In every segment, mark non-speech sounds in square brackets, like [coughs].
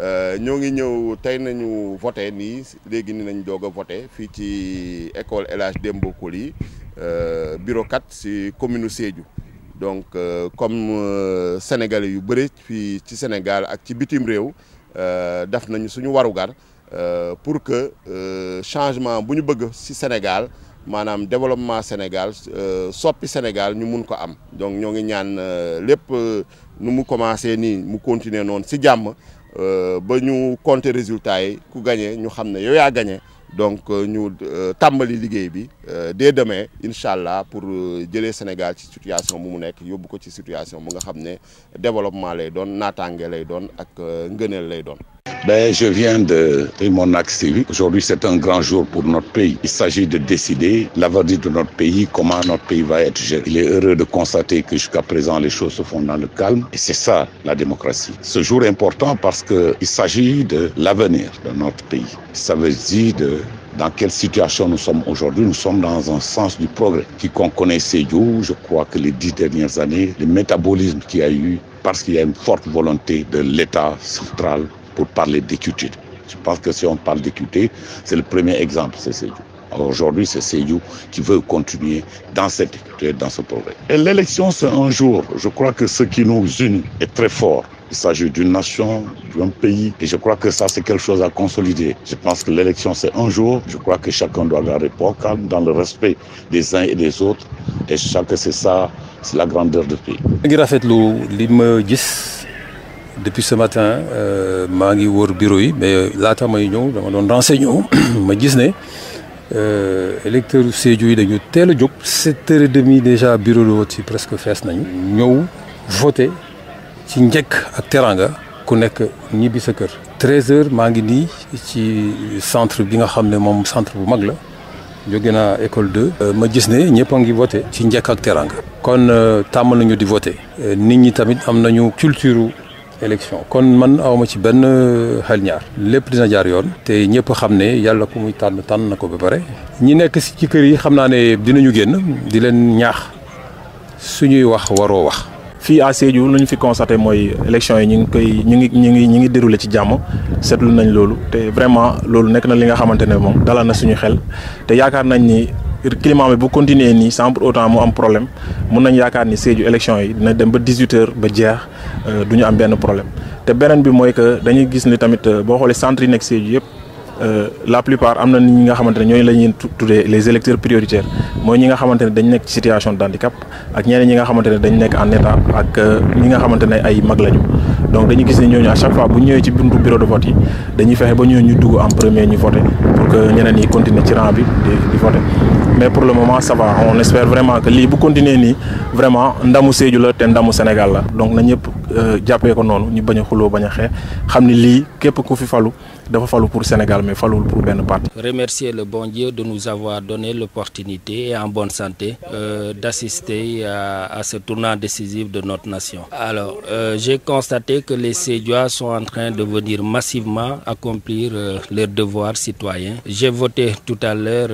Euh, ñoo ngi ñëw tey nañu voté nii léegi nañ doog a voté fii ci école El Hadj Demba Coly euh, bureau 4 si commune Sédhiou donc euh, comme sénégalais yu bëri fii ci Sénégal ak ci bitim réew def nañu suñu warugar pour que changement bu ñu bëgg si Sénégal maanaam développement Sénégal soppi Sénégal ñu mun ko am donc ñoo ngi ñaan lépp nu mu commencé nii mu continuer noonu si jàmm Euh, ba ñu compter résultat yi ku gagné ñu xam yow yaa gagné donc euh, ñu euh, tàmbali liggéey bi dès demain incha pour jëlee Sénégal ci situation bu mu nekk yóbbu ko ci situation bu nga xam développement lay doon naataange lay doon ak ngëneel lay doon. Ben, je viens de Rimonac civique. Aujourd'hui, c'est un grand jour pour notre pays. Il s'agit de décider l'avenir de notre pays, comment notre pays va être géré. Il est heureux de constater que jusqu'à présent, les choses se font dans le calme. Et c'est ça, la démocratie. Ce jour est important parce qu'il s'agit de l'avenir de notre pays. Ça veut dire de dans quelle situation nous sommes aujourd'hui. Nous sommes dans un sens du progrès. qu'on connaissait Yo, je crois que les dix dernières années, le métabolisme qu'il y a eu, parce qu'il y a une forte volonté de l'État central pour parler d'équité. Je pense que si on parle d'équité, c'est le premier exemple, c'est Aujourd'hui, c'est Seyou qui veut continuer dans cette dans ce projet. Et l'élection, c'est un jour. Je crois que ce qui nous unit est très fort. Il s'agit d'une nation, d'un pays. Et je crois que ça, c'est quelque chose à consolider. Je pense que l'élection, c'est un jour. Je crois que chacun doit garder pour calme dans le respect des uns et des autres. Et je crois que c'est ça, c'est la grandeur du pays depuis ce matin suis euh, ngi bureau mais euh, là, may suis dama je renseigno [coughs] ma gis euh, électeurs dañu 7 h déjà bureau de vote presque fess Ils ont voté ci ont ak teranga ku sa 13h, voté. ngi ci centre bi nga Ils centre bu mag la école 2 ma gis ont kon ils di voté nit ñi tamit am nañu culture élection kon man awma ci ben xel ñaar lepp dina jaar yoon te ñepp xam yalla ku muy tànn tànn nako ko ba pare ñi nek ci kër yi xamna naa ne dinañu genn di leen ñaax suñuy wax waro wax fi à Sédhiou lu fi constaté moy élection yi ñu ngi koy ñu ngi ñu ngi ñu ngi déroulé ci jamm seetlu nañ lolu té vraiment lolu nek na li nga xamante ne moom dalal na suñu xel té yaakar nañ ni climat bi bu continuer ni sans pour autant mu am problème mun nañ yaakaar ni Sédhiou élection yi dina dem ba 18 heures ba jeex euh, du ñu am benn problème te beneen bi mooy que dañuy gis ni tamit euh, boo xoolee centre yi nekk Sédhiou yëpp euh, la plupart am na ñi nga xamante ne ñooñu la les électeurs prioritaires mooy ñi nga xamante ne dañ ci situation d'handicap ak ñeneen ñi nga xamante ne dañ en état ak ñi nga xamante ne ay mag lañu donc à chaque fois bu avons ci un bureau de vote nous avons en premier pour que nous continuions continuer ci rang bi mais pour le moment ça va on espère vraiment que lii bu continuer vraiment la Sénégal donc na faire euh, ko ñu Nous nous pour Sénégal mais pour remercier le bon Dieu de nous avoir donné l'opportunité et en bonne santé euh, d'assister à, ce tournant décisif de notre nation. Alors euh, j'ai constaté que les Sédiois sont en train de venir massivement accomplir euh, leurs devoirs citoyens. J'ai voté tout à l'heure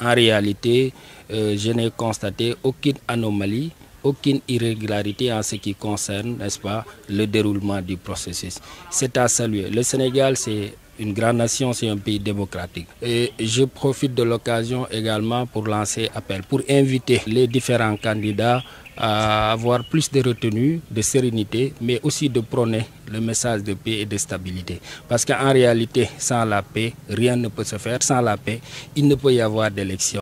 en réalité je n'ai constaté aucune anomalie aucune irrégularité en ce qui concerne, n'est-ce pas, le déroulement du processus. C'est à saluer. Le Sénégal c'est... Une grande nation, c'est un pays démocratique. Et je profite de l'occasion également pour lancer appel, pour inviter les différents candidats à avoir plus de retenue, de sérénité, mais aussi de prôner le message de paix et de stabilité. Parce qu'en réalité, sans la paix, rien ne peut se faire. Sans la paix, il ne peut y avoir d'élection.